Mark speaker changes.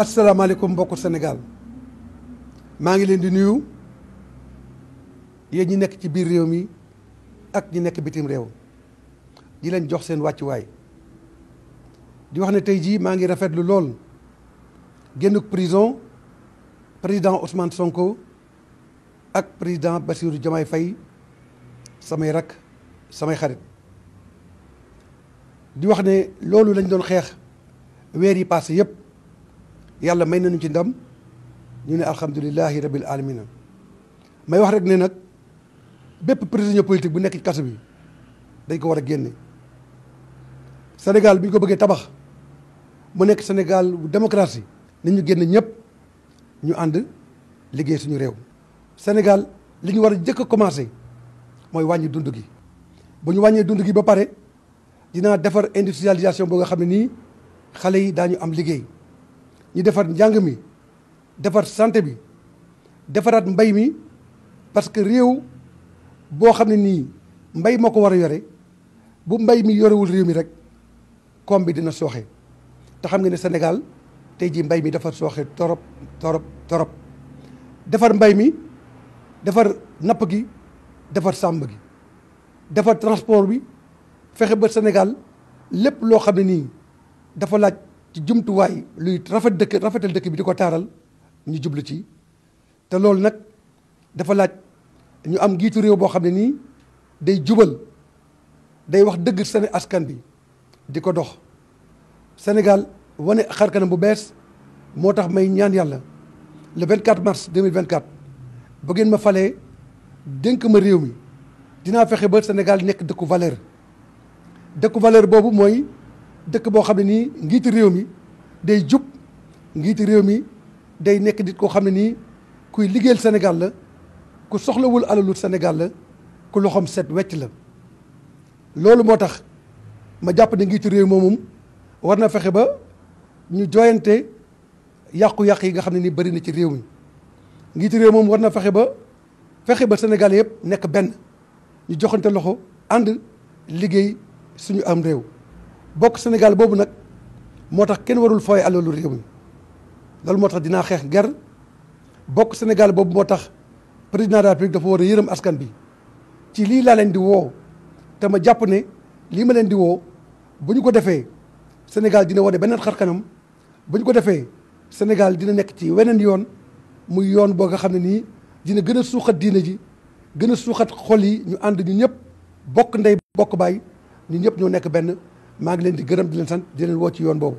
Speaker 1: asalaamaaleykum mbokku Sénégal maa ngi leen di nuyu yéen ñi nekk ci biir réew mi ak ñi nekk bitim réew di leen jox seen wàccuwaay di wax ne tey jii maa ngi rafetlu lool génnuk prison président Ousmane Sonko ak président Bassirou Diomaye fay samay rakk samay xarit di wax ne loolu lañ doon xeex weer yi passé yëpp. yàlla may nañu ci ndam ñu ne alhamdulilahi rabil alamina may wax rek ne nag bépp prisonnier politique bu nekk ci kaso bi dañ ko war a génne Sénégal bi ñu ko bëggee tabax mu nekk Sénégal bu démocratie nañ ñu génn ñëpp ñu ànd liggéey suñu réew Sénégal li ñu war a jëkk a commencé mooy wàññi dund gi bu ñu wàññee dund gi ba pare dinaa defar industrialisation boo nga xam ne nii xale yi daañu am liggéey ñu defar njàng mi defar santé bi defaraat mbay mi parce que réew boo xam ne nii mbay moo ko war a yore bu mbay mi yorewul réew mi rek koom bi dina sooxe te xam nga ne Sénégal tey jii mbay mi defar sooxe torop torop torop defar mbay mi defar napp gi defar sàmb gi defar transport bi fexe ba senegal lépp loo xam ne nii dafa laaj ci jumtuwaay luy rafet dëkk rafetal dëkk bi di ko taaral ñu jublu ci te loolu nag dafa laaj ñu am giitu réew boo xam ne nii day jubal day wax dëgg seen askan bi di ko dox senegal wane xarkanam bu bees moo tax may ñaan yàlla le 24 mars 2024 bu ngeen ma falee dënk ma réew mi dinaa fexe ba Sénégal nekk dëkku valeur dëkku valeur boobu mooy dëkk boo xam ne nii njiiti réew mi day jub njiiti réew mi day nekk di koo xam ne nii kuy liggéeyal Sénégal la ku soxlawul alalu senegal la ku loxoom set wecc la loolu moo tax ma jàpp ne njiiti réew moomum war na fexe ba ñu jooyante yàqu-yàq yi nga xam ne nii bëri na ci réew mi njiiti réew moom war na fexe ba fexe ba Sénégal yëpp nekk benn ñu joxante loxo ànd liggéey suñu am réew bokk Sénégal boobu nag moo tax kenn warul fooy alalu réew mi loolu moo tax dinaa xeex ger bokk Sénégal boobu moo tax président de la dafa war a yërëm askan bi ci lii laa leen di woo te ma jàpp ne lii ma leen di woo bu ñu ko defee Sénégal dina wane beneen xar kanam bu ñu ko defee Sénégal dina nekk ci weneen yoon muy yoon boo nga xam ne nii dina gën a suuxat diine ji gën a suuxat xol ñu ànd ñu ñëpp bokk ndey bokk baay ñu ñëpp ñoo nekk benn maa ngi leen di gërëm di leen sant di leen woo yoon boobu